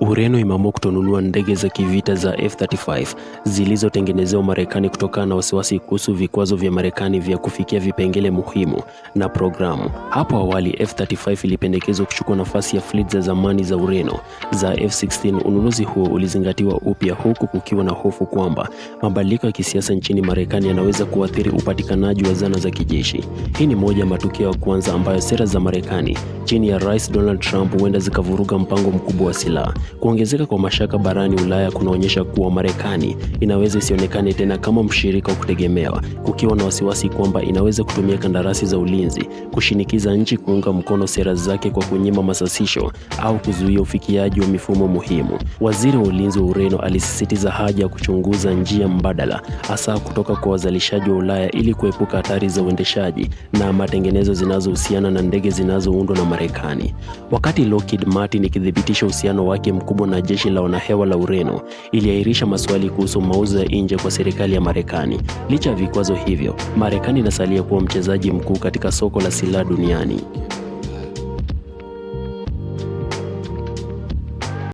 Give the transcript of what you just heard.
Ureno imeamua kutonunua ndege za kivita za F35 zilizotengenezewa Marekani kutokana na wasiwasi kuhusu vikwazo vya Marekani vya kufikia vipengele muhimu na programu. Hapo awali F35 ilipendekezwa kuchukua nafasi ya fleet za zamani za Ureno za F16. Ununuzi huo ulizingatiwa upya huku kukiwa na hofu kwamba mabadiliko ya kisiasa nchini Marekani yanaweza kuathiri upatikanaji wa zana za kijeshi. Hii ni moja ya matukio ya kwanza ambayo sera za Marekani chini ya Rais Donald Trump huenda zikavuruga mpango mkubwa wa silaha Kuongezeka kwa mashaka barani Ulaya kunaonyesha kuwa Marekani inaweza isionekane tena kama mshirika wa kutegemewa, kukiwa na wasiwasi kwamba inaweza kutumia kandarasi za ulinzi kushinikiza nchi kuunga mkono sera zake kwa kunyima masasisho au kuzuia ufikiaji wa mifumo muhimu. Waziri wa ulinzi wa Ureno alisisitiza haja ya kuchunguza njia mbadala, hasa kutoka kwa wazalishaji wa Ulaya ili kuepuka hatari za uendeshaji na matengenezo zinazohusiana na ndege zinazoundwa na Marekani. Wakati Lockheed Martin ikithibitisha uhusiano wake mkubwa na jeshi la wanahewa la Ureno iliahirisha maswali kuhusu mauzo ya nje kwa serikali ya Marekani. Licha ya vikwazo hivyo, Marekani inasalia kuwa mchezaji mkuu katika soko la silaha duniani.